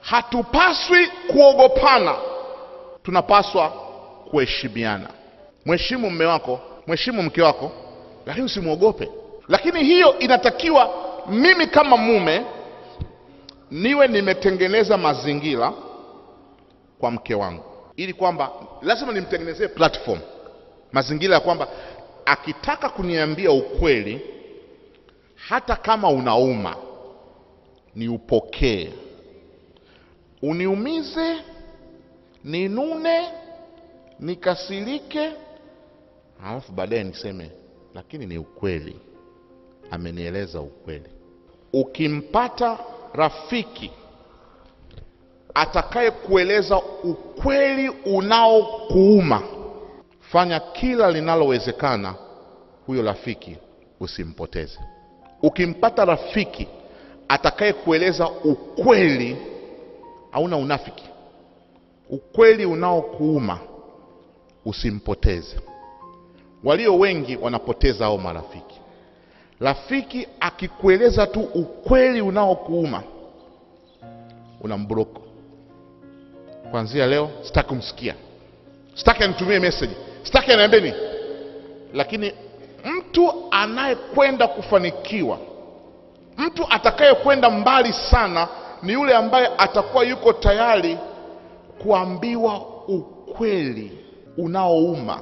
Hatupaswi kuogopana, tunapaswa kuheshimiana. Mheshimu mme wako, mheshimu mke wako, lakini usimwogope. Lakini hiyo inatakiwa mimi kama mume niwe nimetengeneza mazingira kwa mke wangu, ili kwamba lazima nimtengenezee platform, mazingira ya kwamba akitaka kuniambia ukweli, hata kama unauma, niupokee uniumize, ninune, nikasirike, alafu baadaye niseme lakini ni ukweli, amenieleza ukweli. Ukimpata rafiki atakayekueleza ukweli unaokuuma, fanya kila linalowezekana huyo rafiki usimpoteze. Ukimpata rafiki atakayekueleza ukweli hauna unafiki. Ukweli unaokuuma usimpoteze. Walio wengi wanapoteza hao marafiki. Rafiki akikueleza tu ukweli unaokuuma unamblock. Kuanzia leo sitaki kumsikia, sitaki anitumie message, sitaki aniambie. Lakini mtu anayekwenda kufanikiwa, mtu atakayekwenda mbali sana ni yule ambaye atakuwa yuko tayari kuambiwa ukweli unaouma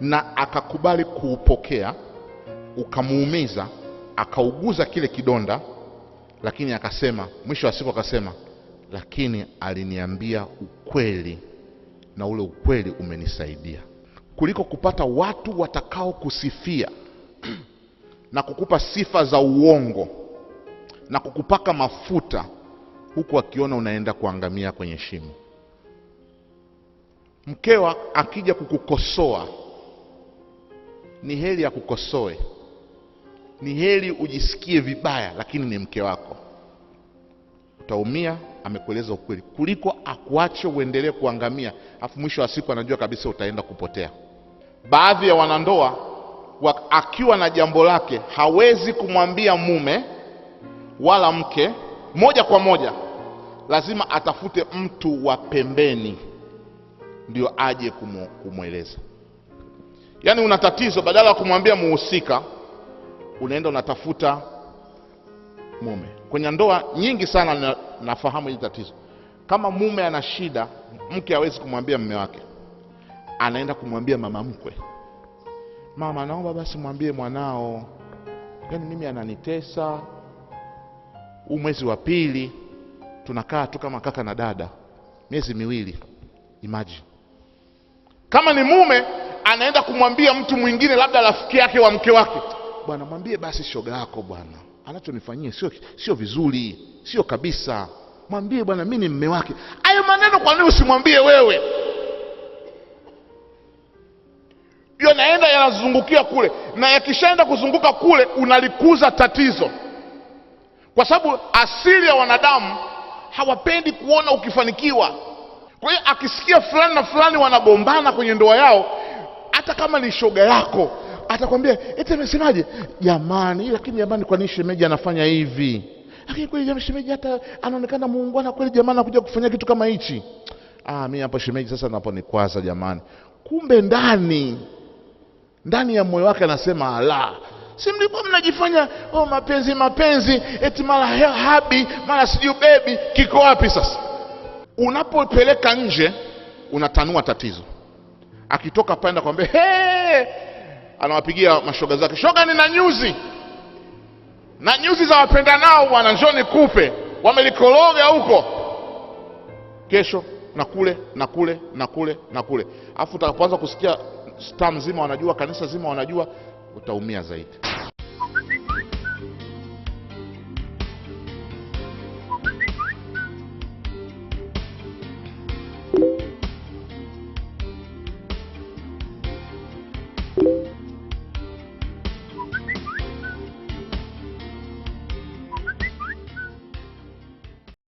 na akakubali kuupokea, ukamuumiza, akauguza kile kidonda, lakini akasema, mwisho wa siku akasema, lakini aliniambia ukweli na ule ukweli umenisaidia, kuliko kupata watu watakaokusifia na kukupa sifa za uongo na kukupaka mafuta huku akiona unaenda kuangamia kwenye shimo. Mkewa akija kukukosoa, ni heri akukosoe, ni heri ujisikie vibaya, lakini ni mke wako, utaumia. Amekueleza ukweli, kuliko akuache uendelee kuangamia, afu mwisho wa siku anajua kabisa utaenda kupotea. Baadhi ya wanandoa akiwa na jambo lake hawezi kumwambia mume wala mke, moja kwa moja lazima atafute mtu wa pembeni ndio aje kumweleza. Yaani una tatizo, badala ya kumwambia muhusika, unaenda unatafuta mume. Kwenye ndoa nyingi sana na, nafahamu hili tatizo. Kama mume ana shida, mke hawezi kumwambia mume wake, anaenda kumwambia mama mkwe, mama, naomba basi mwambie mwanao, yaani mimi ananitesa huu mwezi wa pili tunakaa tu kama kaka na dada miezi miwili. Imagine kama ni mume anaenda kumwambia mtu mwingine, labda rafiki yake wa mke wake, bwana mwambie basi shoga yako bwana, anachonifanyia sio, sio vizuri, sio kabisa. Mwambie bwana, mimi ni mme wake. Hayo maneno kwa nini usimwambie wewe? Yanaenda yanazungukia kule, na yakishaenda kuzunguka kule, unalikuza tatizo kwa sababu asili ya wanadamu hawapendi kuona ukifanikiwa. Kwa hiyo akisikia fulani na fulani wanagombana kwenye ndoa yao, hata kama ni shoga yako atakwambia eti amesemaje, jamani, lakini jamani, kwa nini shemeji anafanya hivi? Lakini kweli shemeji hata anaonekana muungwana kweli, jamani, anakuja kufanya kitu kama hichi. Ah, mimi hapo shemeji sasa naponikwaza jamani. Kumbe ndani ndani ya moyo wake anasema ala, si mlikuwa mnajifanya oh, mapenzi mapenzi, eti mara habi mara sijui bebi. Kiko wapi sasa? Unapopeleka nje unatanua tatizo. Akitoka panda kwambia he, anawapigia mashoga zake, shoga, nina nyuzi na nyuzi za wapenda nao bwana, njoo nikupe. wamelikologa huko, kesho na kule na kule na kule na kule, afu utakapoanza kusikia staa mzima wanajua, kanisa zima wanajua, utaumia zaidi.